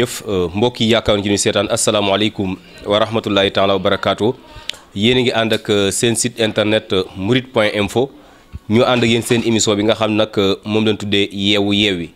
jëf euh, mbok yi yakawon ci ñu assalamu alaykum wa rahmatullahi taala wa Barakatuh. yene ngi and ak euh, sen site internet euh, murid point info ñu anda ak yéen sen émission bi nga xam nak mom lañ tuddé yeewu yewi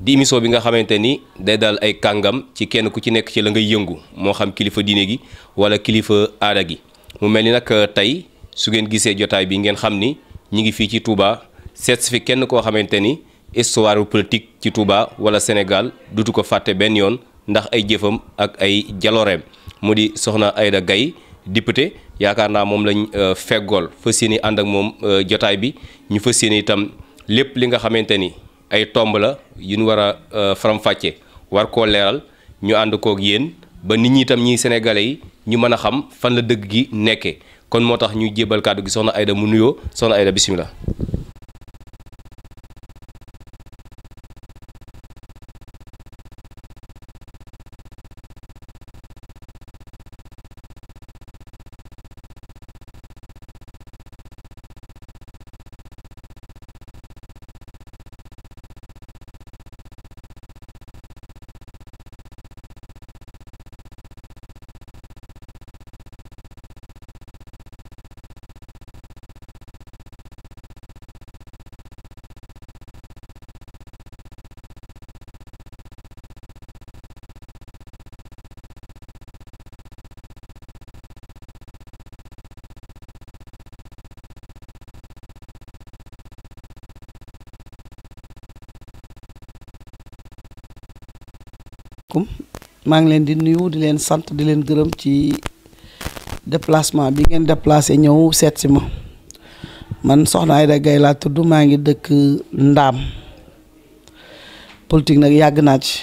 di émission bi nga xamanteni day dal ay kangam ci kenn ku ci nekk ci la ngay yëngu mo xam kilifa diiné gi wala kilifa aada gi mu melni nak tay su ngeen gisé jotay bi ngeen xam ni ngi fi ci Touba certificat kenn ko xamanteni histoire politique ci Touba wala Sénégal dutu ko faté ben yon ndax ay jëfëm ak ay jaloreem mu soxna Aida Gaye député yakarna mom lañ euh, fegol fassiyene and ak mom euh, jotay bi ñu fassiyene tam lepp li nga xamanteni ni ay tomb la yu ñu wara a euh, faram Nyu war ko léral ñu ko ak yeen ba nit ñi tam ñi sénégalais ñu mëna xam fan la dëgg gi nekké kon motax Nyu ñu jébal kaddu gi soxna Aida mu nuyo soxna Aida bismillah kum maa ngi leen di nuyu di leen sant di leen gërëm ci déplacement bi ngeen déplacé ñëw seet si ma man soxna ay Gaye laa tudd maa ngi dëkk Ndaam politique nag yàgg naa ci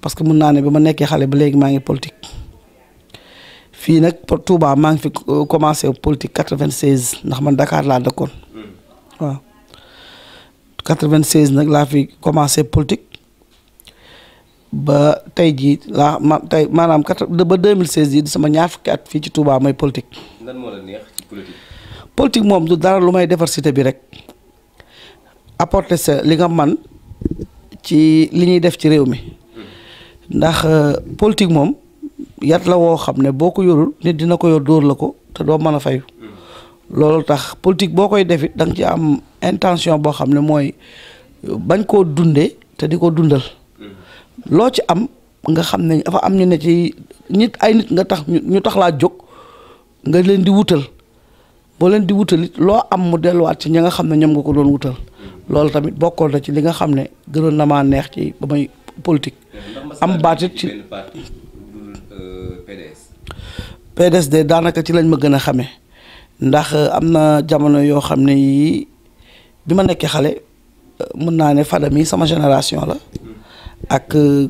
parce que mun naa ne bi ma nekkee xale ba léegi maa ngi politique fii nag Touba maa ngi fi commencé politique quatre-vingt-seize ndax man Dakar laa dëkkoon hmm. waaw nag laa fi commencé politique. tey jii laa ma tey maanaam quatre ba 2016 jii di sama ñaar fukki at fii ci Touba mooy politique. lan moo la neex moom du dara lu may defar cité bi rek apporter sa li nga man ci li ñuy def ci réew mi ndax euh, politique moom yat la woo xam ne boo ko yorul nit dina ko yor dóor la ko te doo mën a fayu loolu tax politique boo koy def da nga ci am intention boo xam ne mooy bañ koo dundee te di ko dundal mm-hmm. loo ci am nga xam ne dafa am ñu ne ci nit ay nit nga tax ñu tax laa jóg nga leen di wutal boo leen di wutal it loo am mu delluwaat ci ña nga xam ne ñoom nga ko doon wutal loolu tamit bokkoon na ci li nga xam ne gënoon na maa neex ci ba may politique. am baat ci PDS de daanaka ci lañ ma gën a xamee ndax uh, am na jamono yoo xam ne yii bi ma nekkee xale uh, mën naa ne Fada mi sama génération la ak. Uh,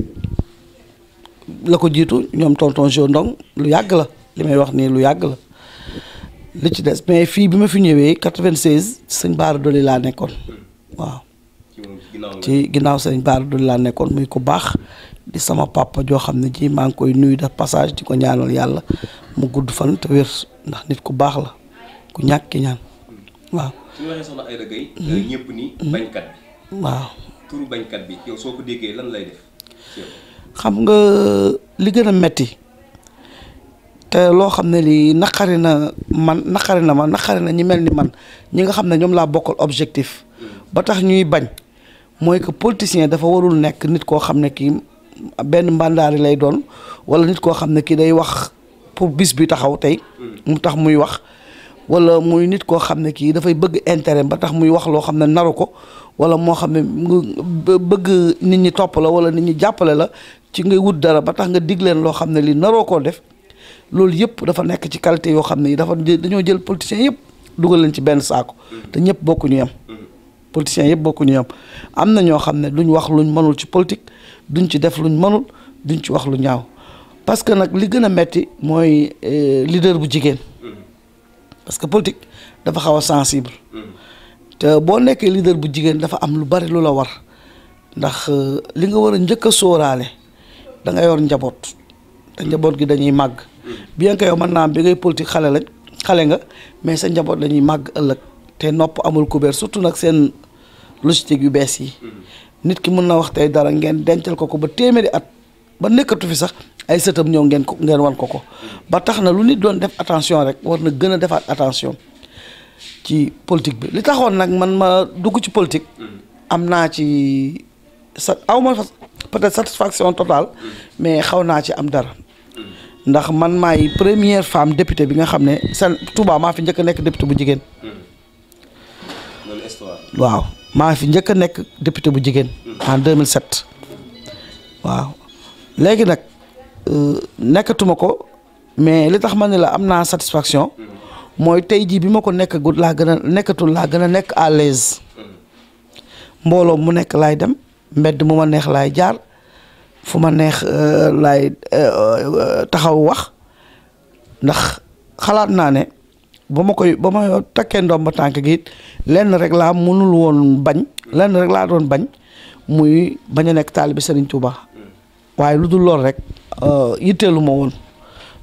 la ko jiitu ñoom tonton Jo Ndong lu yàgg la li may wax nii lu yàgg la li ci des mais fii bi ma fi ñëwee 96 sëñ baar Doli laa nekkoon waaw. ci ginnaaw sëñ Baara Doli laa nekkoon muy ko baax di sama papa joo xam ne ji maa ngi koy nuyu de passage di ko ñaanal yàlla mu gudd fan te wér ndax nit ku baax la ku ñàkki ñaan waaw. su ñu waxee soxna xam nga li gën a metti te loo xam ne lii naqari na man naqari na ma naqari na ñi mel ni man ñi nga xam ne ñoom laa bokkal objectif ba tax ñuy bañ mooy que politicien dafa warul nekk nit koo xam ne kii benn mbàndaari lay doon wala nit koo xam ne kii day wax pour bis bi taxaw tey mu tax muy wax wala muy nit koo xam ne kii dafay bëgg intérêt ba tax muy wax loo xam ne naru ko wala moo xam ne bëgg nit ñi topp la wala nit ñi jàppale la ci ngay wut dara ba tax nga dig leen loo xam ne li naroo koo def loolu yëpp dafa nekk ci qualité yoo xam ne yi dafa dañoo jël politiciens yëpp dugal leen ci benn saako te ñëpp bokkuñu yem politiciens yëpp bokkuñu yem am na ñoo xam ne duñ wax luñ mënul ci politique duñ ci def luñ mënul duñ ci wax lu ñaaw parce que nag li gën a metti mooy euh, leader bu jigéen parce que politique dafa xaw a sensible te boo nekkee leader bu jigéen dafa am lu bari lu la war ndax euh, li nga war a njëkk a sóoraale da nga yor njabot te njabot gi dañuy mag bien que yow man na bi ngay politique xalé lañ xalé nga mais sa njabot la mag ëlëk te nopp amul couvert surtout nak sen logistique yu bess yi nit ki mën na wax tay dara ngeen dencal ko ko ba téeméeri at ba nekkatu fi sax ay seutam ngeen ngeen wan ko ko ba tax na lu nit doon def attention rek war na gëna a attention ci politique bi li taxone nak man ma dugg ci politique amna ci sa aw peut-être satisfaction totale mais xaw naa ci am dara ndax man maay première femme député bi nga xam ne sa Touba maa fi njëkk nekk député bu jigéen. waaw maa fi njëkk a nekk député bu jigéen. en 2007. waaw léegi nag euh, nekkatuma ko mais li tax ma ne la am naa satisfaction. mooy tey jii bi ma ko nekk gud laa gën a nekkatul laa gën a nekk à l'aise mm-hmm. mbooloo mu nekk laay dem mbedd mu ma neex laay jaar fu ma neex euh, laay euh, euh, taxaw wax ndax xalaat naa ne ba ma koy ba ma takkee ndoom ba tànk gi lenn rek laa mënul woon bañ lenn rek laa doon bañ muy bañ a nekk taalibi Serigne Touba waaye lu dul lool rek yitteelu ma woon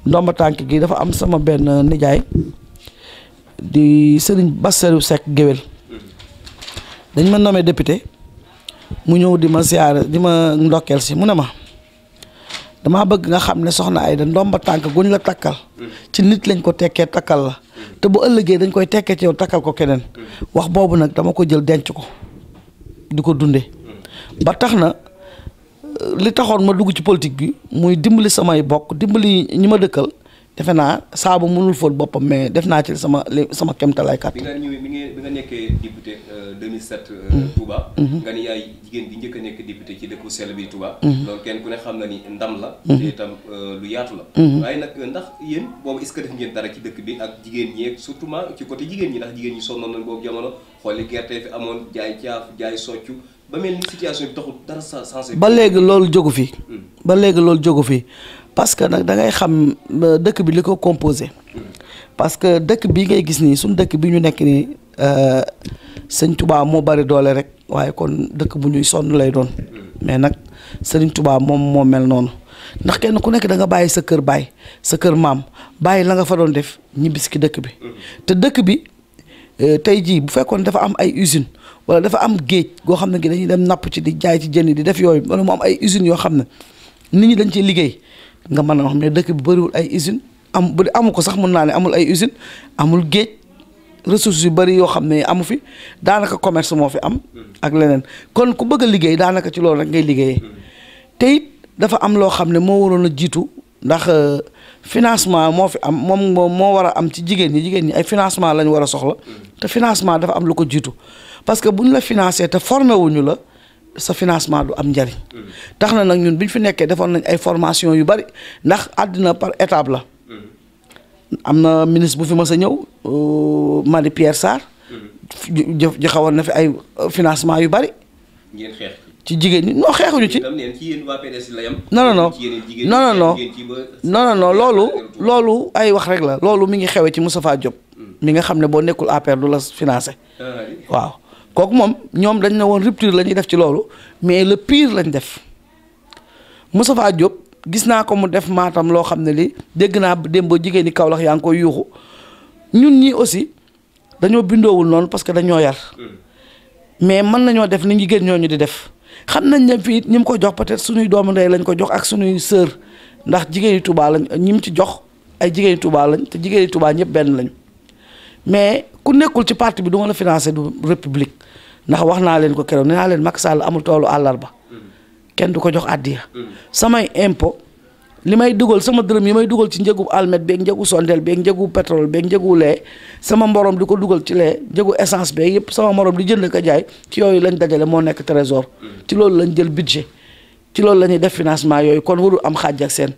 ndomba tànk gi dafa am sama benn nijaay di sëriñ Serigne Bassirou Seck géwél dañ ma nommé député mu ñëw di ma siyaar di ma ndokkeel si mu ne ma damaa bëgg nga xam ne soxna Aida ndomba tànk guñ la takkal ci nit lañ ko tekkee takkal la te bu ëllëgee dañ koy tekkee ci yow takkal ko keneen wax boobu nag dama ko jël denc ko di ko dunde ba tax na li taxoon ma dugg ci politique bi muy dimbali samay bokk dimbali ñi ma dëkkal defe naa saabu mënul fóot boppam mais def naa ci sama sama kéemtalaay kàttan. bi nga ñëwee bi nga bi nga nekkee député 2007. Euh, euh, mm. Touba. Mm-hmm. nga ni yaay jigéen bi njëkk a nekk député ci dëkku sell bi tubaa mm-hmm. loolu kenn ku ne xam na ni ndam la. Mm-hmm. te itam euh, lu yaatu la. waaye nag ndax yéen boobu est-ce que def ngeen dara ci dëkk bi ak jigéen ñi surtout ma ci côté jigéen ñi ndax jigéen ñi sonnoon nañ boobu jamono xooli gerte fi amoon jaay caaf jaay soccu ba mel ni situation bi taxul dara sensé. ba léegi loolu jógu fi. Mm. ba léegi loolu jógu fi. parce que nag da ngay xam dëkk bi li ko composé parce que dëkk bii ngay gis nii suñu dëkk bi ñu nekk nii euh, sëñ tubaab moo bari doole rek waaye kon dëkk bu ñuy sonn lay doon mais nag sëñ Touba moom moo mel noonu ndax kenn ku nekk da nga bàyyi sa kër bàyyi sa kër maam bàyyi la nga fa doon def ñibbis ki dëkk bi te dëkk bi euh, tey jii bu fekkoon dafa am ay usine wala dafa am géej goo xam ne gi dem napp ci di jaay ci jën yi di def yooyu wala mu am ay usines yoo xam ne nit ñi dañ ciy liggéey nga mën a wax mais dëkk bi bëriwul ay usine am bu amu ko sax mun naa ne amul ay usine amul géej ressources yu bëri yoo xam ne amu fi daanaka commerce moo fi am ak leneen kon ku bëgg liggéey daanaka ci loolu rek ngay liggéeyee te dafa am loo xam ne moo waroon a jiitu ndax euh, financement moo fi am moom moo war a am ci jigéen ñi jigéen ñi ay financement lañ war a soxla te financement dafa am lu ko jiitu parce que bu ñu la financé te formé la sa financement du am njariñ tax na nag ñun bi ñu fi nekkee defoon nañ ay formation yu bari ndax àddina par étape la am na ministre bu fi mas a ñëw euh, Marie Pierre Sarr joxewoon na fi ay financement yu bari ci jigéen ñi non xeexuñu ci non non non loolu loolu ay wax rek la loolu mi ngi xewee ci Moustapha Diop mm. mi nga xam ne boo nekkul APR du la financé ah, waaw kooku moom ñoom dañ ne woon rupture la ñuy def ci loolu mais le pire lañu def Moustapha Diop gis naa ko mu def maatam loo xam ne li dégg naa démb jigéen ñi Kaolack yaa ngi koy yuuxu ñun ñii aussi dañoo bindoowul noonu parce que dañoo yar mais mën nañoo def ni jigéen ñu di def xam nañ ne fii ñi mu ko jox peut-être suñuy doomu ndey lañ ko jox ak suñuy sœur ndax jigéen yi Touba lañ ñi mu ci jox ay jigéen yi lañ te jigéen yi Touba ñëpp benn lañ mais ku nekkul ci parti bi du ma la financé du république ndax wax naa leen ko keroog nee naa leen Macky Sall amul toolu àllarba kenn du ko jox àddiya samay impôt li may dugal sama dërëm yi may dugal ci njëgu almet beeg njëgu sondeel beeg njëgu pétrole beeg njëgu lee sama mborom di ko dugal ci lee njëgu essence beeg yëpp sama morom di jënd ko jaay ci yooyu lañ dajale moo nekk trésor ci loolu lañ jël budget ci loolu la ñuy def financement yooyu kon warul am xaaj seen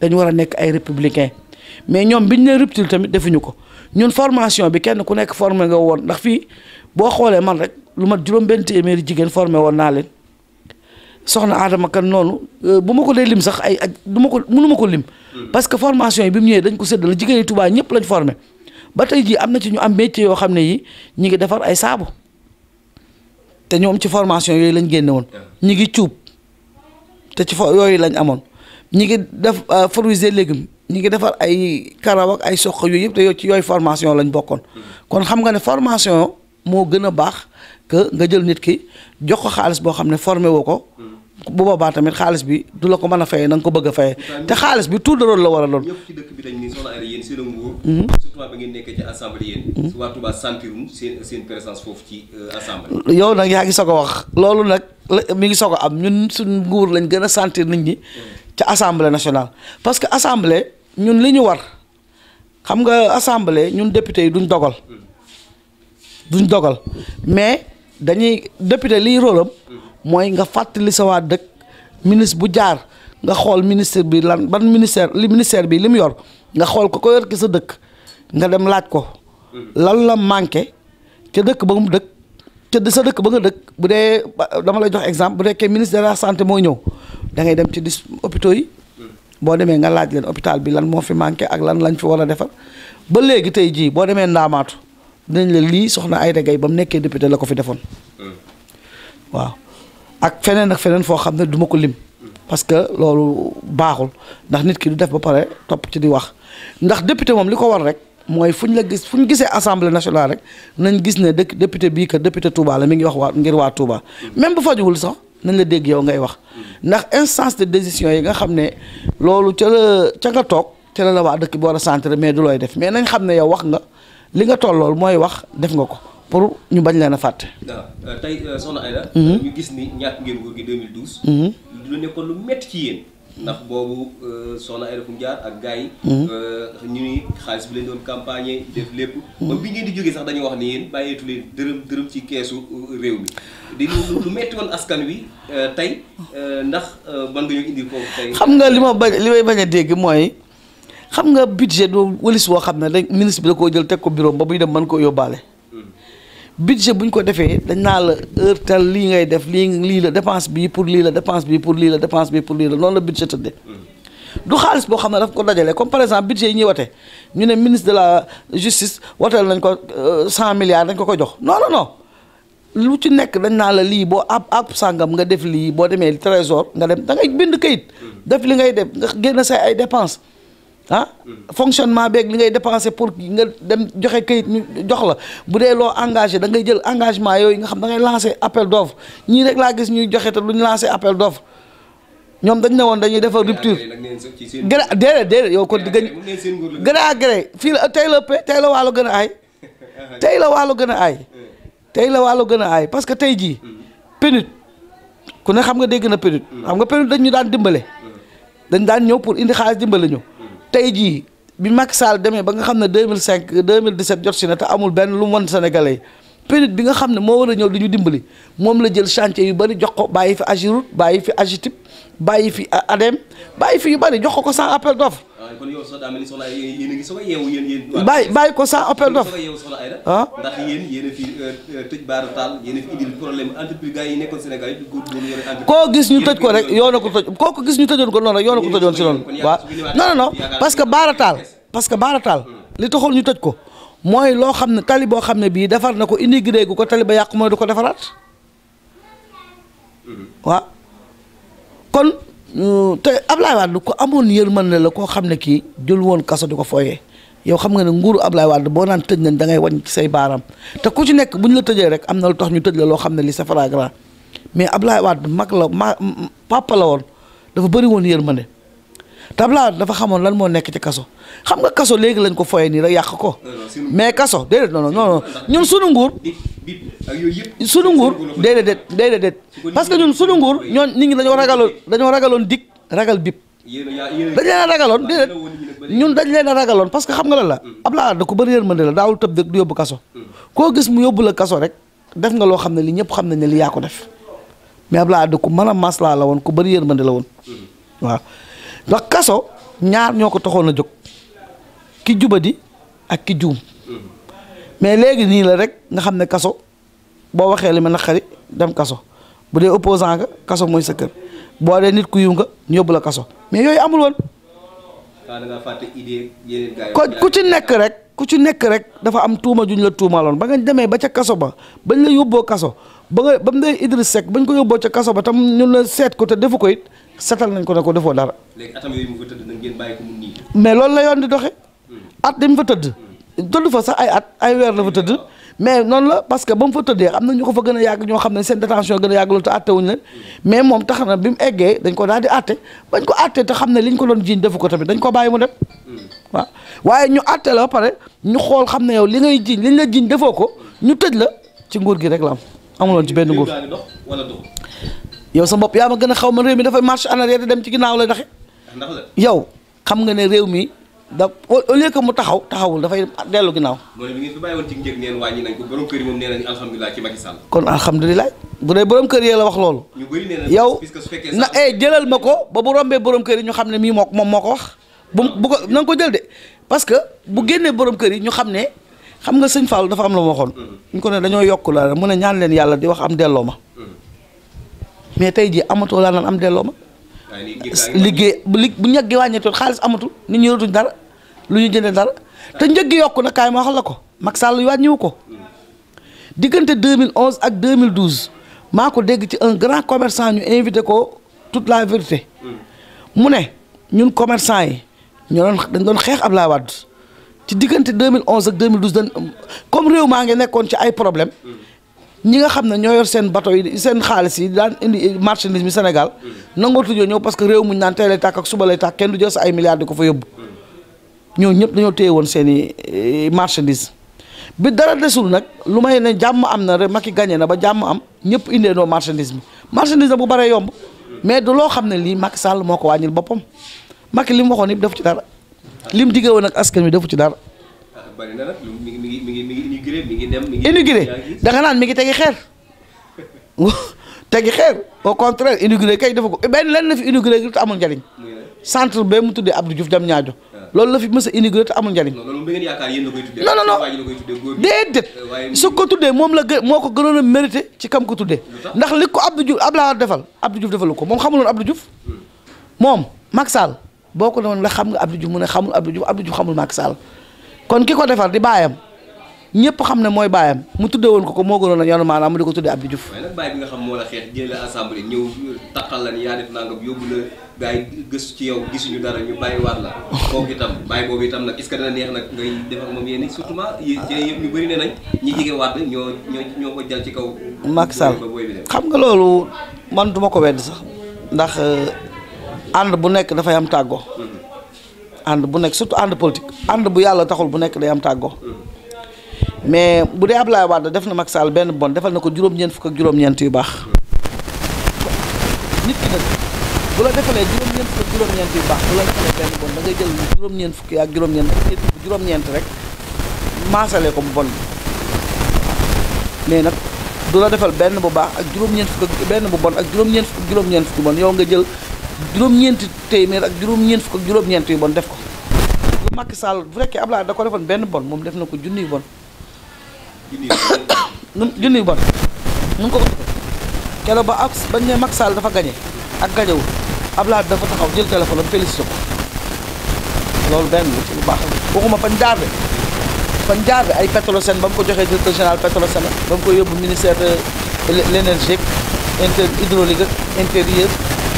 dañu war a nekk ay républicain mais ñoom biñ ne rupture tamit defuñu ko ñun formation bi kenn ku nekk formé nga woon ndax fii boo xoolee man rek lu ma juróom benn téeméeri jigéen formé woon naa leen soxna Adama kan noonu euh, bu ma ko dee lim sax ay ak du ma ko mënu ma ko lim. Hmm. parce que formation yi bi mu ñëwee dañ ko séddale jigéen yi Touba ñëpp lañ formé ba tey jii am na ci ñu am métier yoo xam ne yi ñi ngi defar ay saabu te ñoom ci formation yooyu lañ génne woon. Hmm. ñi ngi cuub te ci fo yooyu lañ amoon ñi ngi def euh, fruits et ñu ngi defar ay karaw ay soq yooyu yëpp te yow ci yooyu formation lañ bokkoon kon xam nga ne formation moo gën a baax que nga jël nit ki jox ko xaalis boo xam ne formé woo ko bu boobaa tamit xaalis bi du la ko mën a fayee nanga ko bëgg a fayee te xaalis bi tout de la war a doon. ñëpp ci dëkk bi dañ ni soxna Aida yéen seen hmm. ci hmm. euh, yow nag yaa ngi soog a wax loolu nag mi ngi soog a am ñun suñu nguur lañ gën a sentir nit ñi. Hmm. ca assemblée nationale parce que assemblée. ñun li war xam nga assemblée ñun député duñ dogal duñ dogal mais dañuy député li rôlam moy nga fatali sa wa dekk ministre bu jaar nga xol ministre bi lan ban ministère li ministère bi lim yor nga xol ko ko yor ci sa dekk nga dem laaj ko lan la manké ci dekk ba mu ci de sa dekk ba nga dekk budé dama lay jox exemple budé ke ministre de la santé mo ñew da ngay dem ci dis hôpitaux yi boo demee nga laaj leen hôpital bi lan moo fi manqué ak lan lañ fi war a defar ba léegi tey jii boo demee ndaamaatu dinañ la lii soxna Aïda Gaye ba mu nekkee député la ko fi defoon hmm. waaw ak feneen ak feneen foo xam ne duma ko lim parce que loolu baaxul ndax nit ki du def ba pare topp ci di wax ndax député moom li ko war rek mooy fu ñu la gis fu ñu gisee assemblée nationale rek nañ gis ne dëkk député bii que député Touba la mi ngi wax waa ngir waa Touba hmm. même bu fajuwul sax nañ la dégg yow ngay wax ndax instance de décision yi nga xam ne loolu ca la ca nga toog ca la la waa dëkk bi war a centre mais du looy def mais nañ xam ne yow wax nga li nga loolu mooy wax def nga ko pour ñu bañ leen a fàtte. Euh, euh, mhm. mhm. lu métti ci yéen. ndax boobu euh, soxna ay fu mu jaar ak gars yi. Hmm. Euh, ñu ni xaalis bi lañ doon campagne def lépp. Hmm. ba bi ngeen di jógee sax dañu wax ni yéen bàyyeetu leen dërëm dërëm ci keesu euh, réew mi di lu metti woon askan wi tey ndax ban nga ñu indi ko tey. xam nga li ma bañ li may bañ a dégg mooy xam nga budget doo wëlis woo xam ne rek ministre bi da ko jël teg ko bureau ba buy dem mën koo yóbbaale. budget bu ñu ko defee dañ naa la heure tel lii ngay def lii lii la dépense bii pour lii la dépense bii pour lii la dépense bii pour lii la noonu la budget tëddee du xaalis boo xam ne daf ko dajale comme par exemple budget yi ñuy wate ñu ne ministre de la justice wateel nañ ko euh, cent milliards dañ ko ko jox noo non non lu ci nekk dañ naa la lii boo ab ab sàngam nga def lii boo demee trésor nga dem da ngay bind kayit def li ngay def nga génn say ay dépense ah fonctionnement beeg li ngay dépenser pour nga dem joxe kayit ñu jox la bu dee loo engagé da ngay jël engagement yooyu nga xam da ngay lancé appel d'offre ñii rek laa gis ñuy joxe te ñu lancé appel d'offre ñoom dañ ne woon dañuy defar rupture gën a déedéet déedéet yow kon di gën gën a agré fii la tey la pe tey la waalo gën a aay tey la waalo gën a aay tey la waalo gën a aay parce que tey jii pénut ku ne xam nga dégg na pénut mm. xam nga pénut dañ ñu daan dimbale mm. dañ daan ñëw pour indi xaalis dimbale ñëw tey jii bi mag saal demee ba nga xam ne mille 2005 2017 jot si na te amul benn lu mu wan Sénégalais bi nga xam ne moo war a ñëw di ñu dimbali moom la jël chantier yu bëri jox ko bàyyi fi Agirout bàyyi fi Agitip bàyyi fi ADEM bàyyi fi yu bëri jox ko ko sans appel d'offre kon yow sax daa mel ni soxna ay bàyyi bàyyi ko sans appel d'offre koo gis ñu tëj ko rek yoon ko tëj koo ko gis ñu tëjoon ko noonu rek yoon a ko tëjoon si noonu. waaw non non parce que baaru taal parce que baaru taal li taxoon ñu tëj ko mooy loo xam ne tali boo xam ne bii defar na ko indigré gu ko tali ba yàqu mooy du ko defaraat mhm. waaw kon Euh, te Ablaye Wade ko amoon yërmande la koo xam ne kii jël woon kaso di ko fooye yow xam nga ne nguuru Ablaye Wade boo naan tëj nañ da ngay wañ ci say te ku ci nekk bu ñu la tëjee rek am na lu tax ñu tëj la loo xam ne li c'est flagrant mais Ablaye Wade mag la ma papa woon dafa bëri woon yërmande Dabla dafa xamoon lan moo nekk ci kaso xam nga kaso léegi lañ ko foyee nii rek yàq ko mais kaso déedéet non non non ñun sunu nguur sunu nguur déedéet déedéet parce que ñun sunu nguur ñoo nit ñi dañoo ragaloon dañoo ragaloon dik ragal bip dañ leen ragaloon déedéet ñun dañ leen a ragaloon parce que xam nga la la mm. Abdoulaye da ko bëri yërmande la daawul tëb dëkk du yóbbu kaso mm. koo gis mu yóbbu la kaso rek def nga loo xam ne li ñëpp xam nañ ne li yaa ko def mais Abdoulaye da ku mën a maslaa la woon ku bëri yërmande la woon mm. waaw ndax kaso ñaar ñoo ko taxoon a jóg ki juba di ak ki juum mais léegi nii la rek nga xam ne kaso boo waxee li ma naqari dem kaso bu dee opposant nga kaso mooy sa kër boo dee nit ku yiw nga ñu yóbbu la kaso mais yooyu amul woon. ko ku ci nekk rek ku ci nekk rek dafa am tuuma juñ la tuumaloon ba nga demee ba ca kaso ba bañ la yóbboo kaso ba nga ba mu dee Idriss Seck bañ ko yóbboo ca kaso ba tam ñun la seet ko te defu ko it seetal nañ ko ne ko defoo dara. léegi atam mais loolu la yoon di doxee. Hmm. at di mu fa tëdd. tëdd fa sax ay at ay weer la fa tëdd. mais noonu la parce que ba mu fa tëddee am na ñu ko fa gën a yàgg ñoo xam ne seen détention gën a yàgg loolu te àtte wuñ leen hmm. mais moom tax na bi mu eggee dañ ko daal di àtte bañ ko àtte te xam ne liñ ko doon jiiñ defu ko tamit dañ ko bàyyi mu dem hmm. waaw waaye ñu àtte la pare ñu xool xam ne yow li ngay jiiñ liñ la jiiñ defoo ko ñu tëj la ci nguur gi rek la am amuloon ci benn nguur yow sa bopp yaa ma gën a xaw ma réew mi dafay marche en arrière di dem ci ginnaaw lay doxe yow xam nga ne réew mi da au lieu que mu taxaw taxawul dafay dellu ginnaaw. mooy li ngeen fi bàyyi woon ci njëg neen wàññi nañ ko kon alhamdulilah bu dee borom kër yee la wax loolu. ñu bëri nee nañ yow na eh jëlal ma ko ba bu rombee borom kër yi ñu xam ne mii moo moom moo ko wax. bu bu ko na nga ko jël de parce que bu génnee borom kër yi ñu xam ne xam nga sëñ Fall dafa am la ma waxoon. Mm-hmm. ñu ko ne dañoo yokk la mu ne ñaan leen yàlla di wax am delloo ma. Mm-hmm. mais tey jii amatoo laa naan am delloo ma. liggéey bu li bu ñàgg wàññeetoon xaalis amatul nit ñi yoratuñ dara lu ñu jëndee dara te njëg gi yokku na kaay ma wax la ko Macky Sall wàññiwu ko. Mm-hmm. diggante 2011 ak 2012 maa ko dégg ci un grand commerçant ñu invité ko tout la vérité. mu ne ñun commerçant yi ñu doon dañ doon xeex Abdoulaye Wade ci diggante 2011 ak 2012 dañ comme réew maa ngi nekkoon ci ay problème ñi nga xam ne ñoo yor seen bateau yi seen xaalis yi daan indi marchandise senegal Sénégal nangootuñoo ñëw parce que réew mu ñu naan tey lay tàkk ak suba lay tàkk kenn du jël ko fa yóbbu ñoo ñëpp dañoo téye woon seen i eh, marchandise bi dara desul nag lu may ne jàmm am na rek Macky gagné na ba jàmm am ñëpp indee noo marchandise mi marchandise na bu baree yomb mais du loo xam ne lii Macky Sall moo ko wàññil boppam Macky li mu waxoon yëpp def ci dara. lim diggé woon ak askan wi defu ci dara. Ah, bari na nag mi mi ngi mi ngi inauguré mi ngi dem mi ngi. inauguré da naan mi ngi tegi xeer tegi xeer au contraire inauguré kay dafa ko eh, benn lan la fi inauguré te amul njariñ centre bee mu tuddee Abdou Diouf jam ñaajo ah. loolu la fi mës a inauguré te amul njariñ. non non loolu yaakaar yéen la koy tuddee. non non non eh, ko tuddee moom la gë moo ko gënoon a mérité ci kam ko tuddee. ndax li ko Abdou Diouf Abdoulaye defal Abdou Diouf defalu ko moom xamuloon Abdou Diouf hmm. moom Macky boo ko doon la xam nga Abdou Diouf mu ne xamul Abdou Diouf Abdou Diouf xamul Macky Sall kon ki ko defar di baayam ñëpp xam ne mooy baayam mu tuddee woon ko ko moo gënoon a yoonu maanaam mu ko tuddee Abdou Diouf. waaye nag baay bi nga xam ci yow gisuñu dara ñu bàyyiwaat la. kooku itam baay boobu itam nag est-ce que dana neex nag ngay def moom yéen surtout ma yéen yëpp ñu bëri ne nañ ñi jege waat ñoo ñoo ko jal ci kaw. Macky Sall xam nga loolu man duma ko wedd sax euh, ànd bu nekk dafay am tàggoo ànd bu nekk surtout ànd politique ànd bu yàlla taxul bu nekk day am tàggoo mais bu dee laay Wade def na mag Sall benn bon defal na ko juróom fukk ak juróom-ñeent yu baax nit bu bon da jël juróom fukk ak juróom-ñeent rek maasalee ko bu bon bi nag du la defal benn bu baax ak juróom-ñeent fukk ak bu bon ak juróom-ñeent juróom-ñeent fukk bon yow nga jël juróom-ñeenti téeméer ak juróom-ñeent fukk ak juróom-ñeent yu bon def ko lu Macky Sall bu fekkee Ablaye da ko defoon benn bon moom def na ko junniy bon junniy bon nu ngi ko keroog ba ak bañ ne Macky Sall dafa gañe ak gañewul Ablaye dafa taxaw jël téléphone am félicité ko loolu benn ci lu baax waxuma fañ jaar de fañ jaar bi ay Petrosen ba mu ko joxee directeur général Petrosen ba mu ko yóbbu ministère de l' énergie inter hydraulique ak intérieur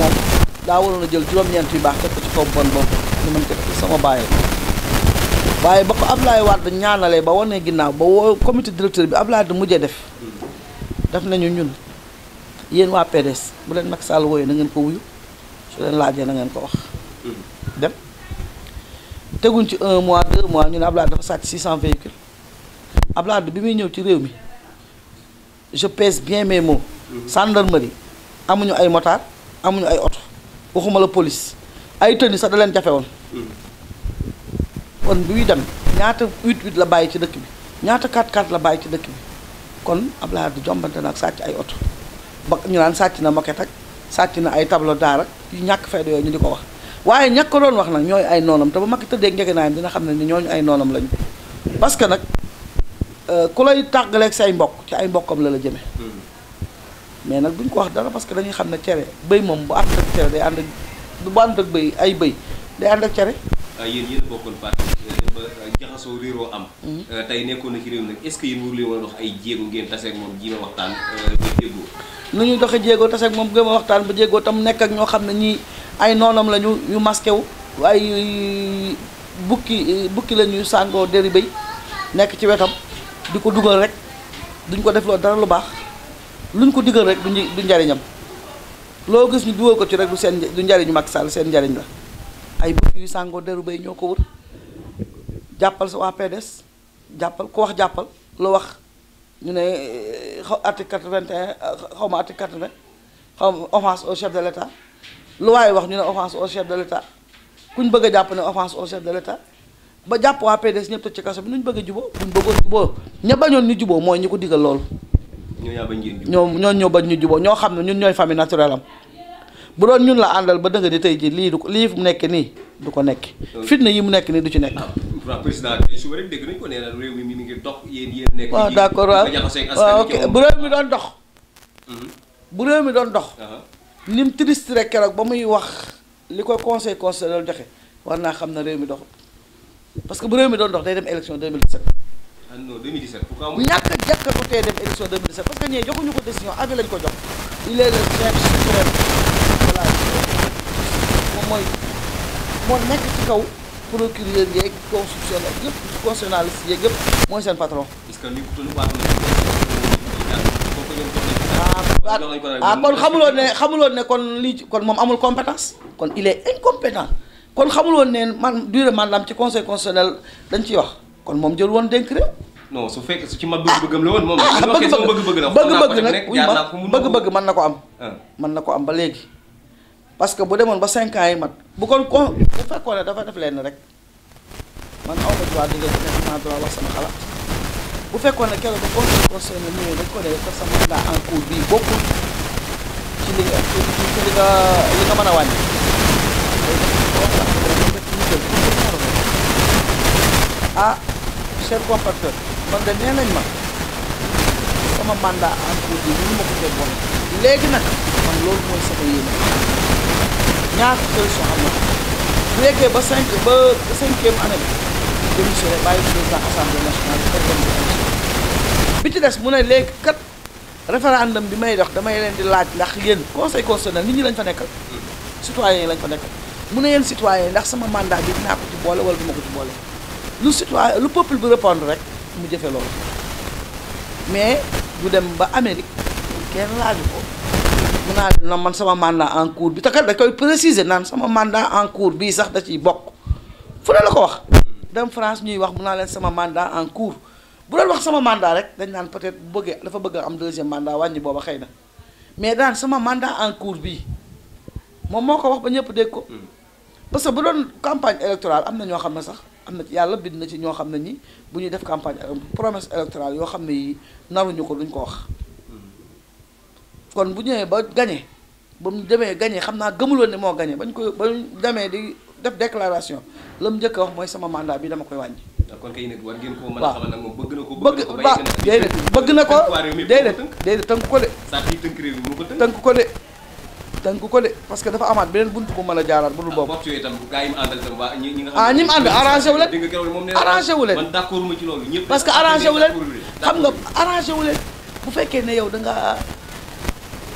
moom daa waroon jël juróom-ñeent yu baax teg ci kaw bon boobu ñu mën teg sama bàyyi la waaye Ablaye Wade ñaanalee ba wane ginnaaw ba woo comité directeur bi Ablaye Wade mujjee def def nañu ñun yéen waa PDS bu leen Macky Sall wooyee na ngeen ko wuyu su na ngeen ko wax dem ci mois mois Ablaye dafa 600 véhicules Ablaye bi ci réew mi je pèse bien mes mots. gendarmerie amuñu ay amuñu ay oto waxuma la polis ay tëni sax leen jafe woon kon bu buy dem ñaata huit huit la bàyyi ci dëkk bi ñaata quatre quatre la bàyyi ci dëkk bi kon Abdoulaye Wade jombante nag sàcc ay oto ba ñu naan sàcc na moquette ak sàcc na ay tableau d'art ak yu ñàkk fayda yooyu ñu di ko wax waaye ñàkk ko doon wax nag ñooy ay noonam te ba Macky tëddee ngegenaayam dina xam ne ni ñooñu ay noonam lañu parce que nag euh, ku lay tàggaleeg say mbokk ci ay mbokkam la la jëme hmm. mais nag duñ ko wax dara parce que dañuy xam ne cere béy moom bu ànd ak cere day ànd ak bu ànd ak ay béy day ànd ak cere. Ah, yéen yéen bokkoon parti euh, ba euh, jaxasoo réeroo am. Hmm. Euh, tey nekkoon na ci réew mi nag est-ce que yéen wóorule wax ay jéego ngeen tase ak moom ji nu ñuy doxee jéego taseek moom gën ma waxtaan ba jéego tam nekk ak ñoo xam ne ñii ay noonam la ñu yu masqué wu ay bukki bukki la ñuy sàngoo deri béy nekk ci wetam di ko dugal rek duñ ko defloo dara lu baax. luñ ko diggal rek du du njariñam loo gis ni duwo ko ci rek du sen du njariñu mak sal sen njariñ la ay bu yu sango deru bay ñoko ko wër jàppal sa waa PDS jàppal ku wax jappal lo wax ñu né eh, article 81 eh, xawma article 80 xaw offense au chef de l'état lu way wax ñu né offense au chef de l'état kuñ bëgg japp né offense au chef de l'état ba japp waa PDS ci kasso bi ñu bëgg jubo buñ bëggoon juboo ña bañoon ni jubo moy ñi ko digal ñoo ñoo ñëw ba ñu juboo ñoo xam ne ñun ñooy famille naturelle am bu doon ñun la àndal ba dëgg di tey ji lii du ko lii mu nekk nii du ko nekk fitna yi mu nekk nii du ci nekk ah, waaw président na réew mi mi ngi dox yéen yéen nekk waaw d'accord waaw ok bu réew mi doon dox mhm. bu réew mi doon dox uh-huh. ni mu triste keroog ba muy wax li ko conseil conseil doon joxe waa naa xam ne réew mi doxul parce que bu réew mi doon dox day dem élection ah non 2017 pourquoi mu. ñàkk a jàkka ko tey dem élection 2017 parce que ñee joxuñu ko décision avis lañ ko jox il est le chef suprême voilà moom mooy moo nekk ci kaw procureur yeeg constitutionnel yëpp constitutionnaliste yeeg yëpp seen patron. est que li ku ko ah kon xamuloon ne xamuloon ne kon lii kon moom amul compétence kon il est incompétent kon xamuloon ne man durée mandatam ci conseil constitutionnel dañ ci wax. kon mom jël won denk rek non su fekk su ci ma bëgg-bëggam la won mom ah, bëgg-bëgg la bëgg-bëgg nag oui bëgg-bëgg mën na am. Ah. man nako am ba légui parce que bu demoon ba 5 ans yi mat bu kon ko bu fekkone ne dafa def lenn rek man aw ko wa digal ci am do wax sama xala bu fekkone kéro ko ko ko conseil na ñëwee dañ ko ne ko sa da en cours bi bokku ci li nga ci li nga li nga mën a wàññi. ah. cher compatriote man de nee nañ ma sama mandat en cours bi mënu ma ko jël bon léegi nag man loolu mooy sama yéene ñaata solution am na bu yeggee ba cinq ba cinquième année bi démissionné bàyyi président assemblée nationale bi ci des mu ne léegi kat référendum bi may dox damay leen di laaj ndax yéen conseil constitutionnel nit ñi lañ fa nekk hmm. citoyens yi lañ fa nekk mu ne yéen citoyens yi ndax sama mandat bi dinaa ko ci boole wala du ma ko ci boole lu citoyen lu peuple bi répondre rek mu jëfe loolu mais du dem ba Amérique kenn laaju ko mun naa leen man sama mandat en cours bi te kat da koy préciser naan sama mandat en cours bii sax da ciy bokk fu ne la ko wax dem France ñuy wax mun naa leen sama mandat en cours bu doon wax sama mandat rek dañ naan peut-être bu bëggee dafa bëgg am deuxième mandat wàññi booba xëy na mais daan sama mandat en cours bii moom moo ko wax ba ñëpp dégg ko hmm. parce que bu doon campagne électorale am na ñoo xam ne sax am na ci yàlla bind na ci ñoo xam ne ñi bu ñuy def campagne euh, promesse électorale yoo xam ne yi naruñu ko lu ñu ko wax hmm. kon bu ñëwee ba gañe ba mu demee gañe xam naa gëmuloon ne moo gañe bañ ko ba ñu demee di def déclaration la mu njëkk a wax mooy sama mandat bi dama koy wàññi. Ah, kon kay nag war a xamal nag bëgg na ko. bëgg bëgg na ko déedéet bëgg tënk ko de. saa fi tënk ko tënk ko de. tënk ko de parce que dafa amaat beneen buntu bu mën a jaaraat bu dul boobu. bopp yooyu tam gars yi mu àndal tam waa ñi nga. ah ñi mu ànd arrangé wu nga keroog moom nee parce que arrangé xam nga arrangé bu fekkee ne yow da nga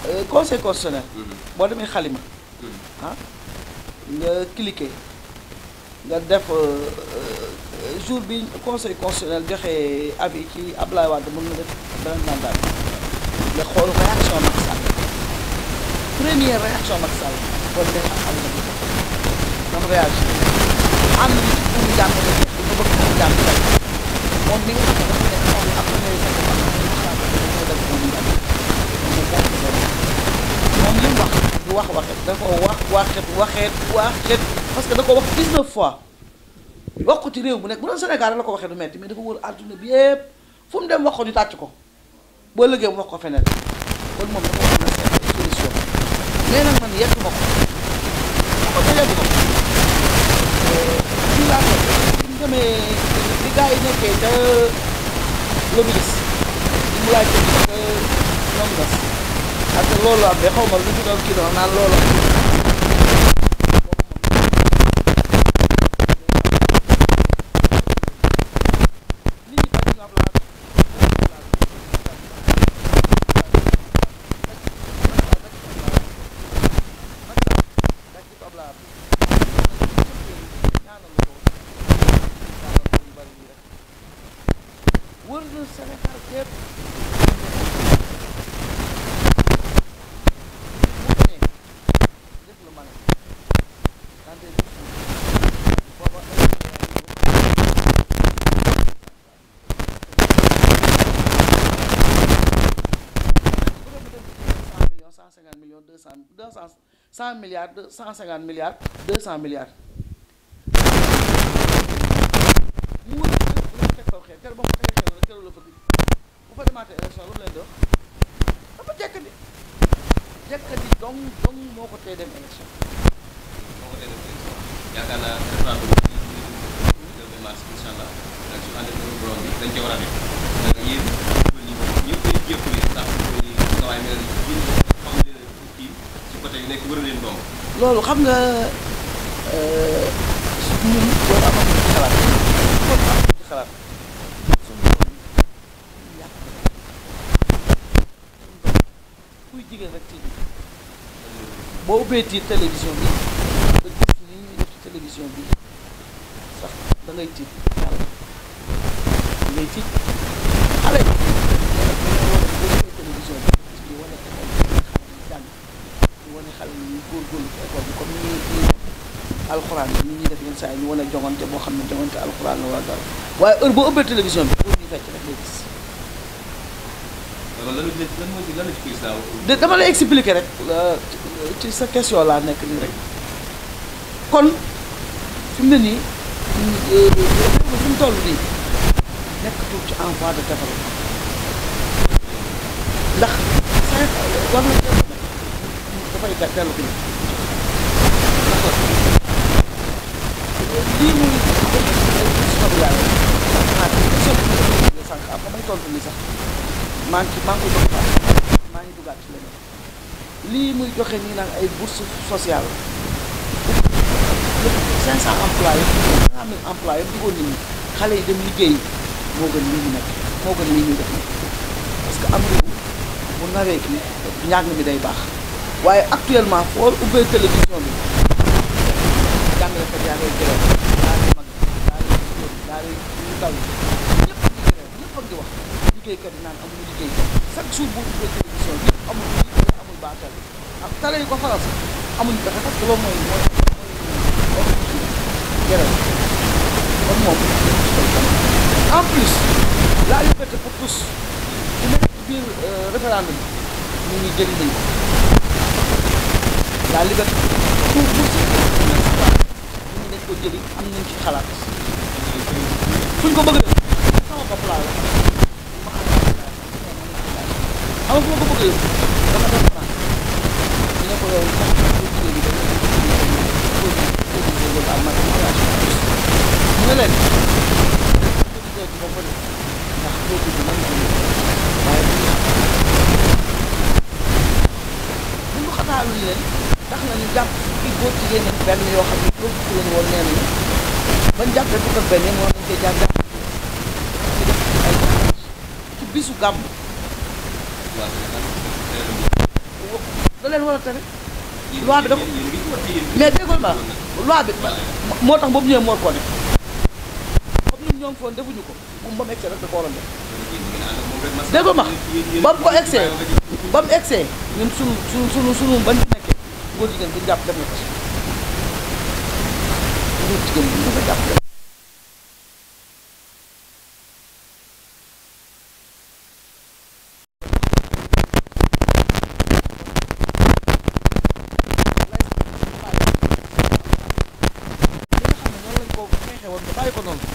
euh, conseil constitutionnel. Mhm. boo demee xalima. Mhm. ah nga cliquer nga def euh, euh, jour bi conseil constitutionnel joxe avis ci Abdoulaye Wade mën na def beneen mandat nga xool réaction Macky Sall. première réaction Macky Sall loolu day am am na lu doon réagir am lu mu jàppale lu ko bëgg mu jàppale moom mi nga xam ne dafa nekk am na lu am na lu mu jàppale moom mu moom li mu wax du wax waxet dafa wax waxet waxeet waxeet parce que da ko wax 19 fois wax ko ci réew bu nekk bu doon Sénégal la ko waxee du metti mais dafa wër àdduna bi yëpp fu mu dem wax ko ñu tàcc ko boo liggéey mu wax ko feneen kon moom dafa nee nag man yegg ma ko ko yegg ma ko fii laa nekk bi ñu demee bi gars bi mu laaj ko ñoom gas parce que loolu am xaw cent milliards deux cent cinquante milliards deux cent milliards loolu xam nga ñun loolu amoon nañu ci xalaat loolu am nañu ci xalaat suñu doom yàq suñu doom kuy jigéen rek ci boo ubbee tiit télévision bi nga gis ni ñuy def ci télévision bi sax da ngay tiit yàlla da ngay tiit القرآن ني داف ين ساي ني ولا جوغانتي بو خامني جوغانتي القرآن لا دار واي اور بو اوبي تيليفزيون بو ني فاتي رك لي غيس دا دا ما لا اكسبليكي رك تي سا كيسيون لا نيك ني رك كون فيم ني فيم تولو دي نيك تو تي ان فوا دو ديفلوب ndax war na da fay gàttalu bi lii muy sobi yàlla maa ngi sëpp may joxe nii naan ay bourse sociale lépp 500 employés 5000 duggoon nit xale yi dem liggéey moo gën lii ñu nekk moo gën lii ñu def parce que am réew bu naree kii ñàng mi day baax waaye actuellement foo ubbee télévision bi daa koy grève daara yu mag daara yu jigéen daara yu ndaw ñu ngi jëli nañ ko jëli am nañ ci xalaat fu ñu ko bëgg def sama bopp laa wax xam nga fu ma ko bëgg a yóbbu dama dem France ñu ne ko yow sax bu jigéen bi dañu ko am matérialisation mu ne leen producteur bi ba ko def ndax produit bi mën na waaye bu ñu xataalu leen tax na ñu jàpp fukki góor jigéen ak benn yoo xam ne góor ci leen woon neen na ban jàppee fukk ak benn moo nañ koy jàpp jàpp ci def ci ay ci bisu gàmm da leen war a tere loi bi da ko mais déggoon ma loi bi moo tax boobu ñëwee moo ko def comme ñun ñoo ngi foon defuñu ko bu ba mu egsee rek da ko waroon def déggoon ma ba mu ko egsee ba mu egsee ñun sunu sunu sunu sunu ban Bu jigéen bu ñu jàpp def na ko si bu jigéen bu ñu ko jàpp def bàyyi ko noonu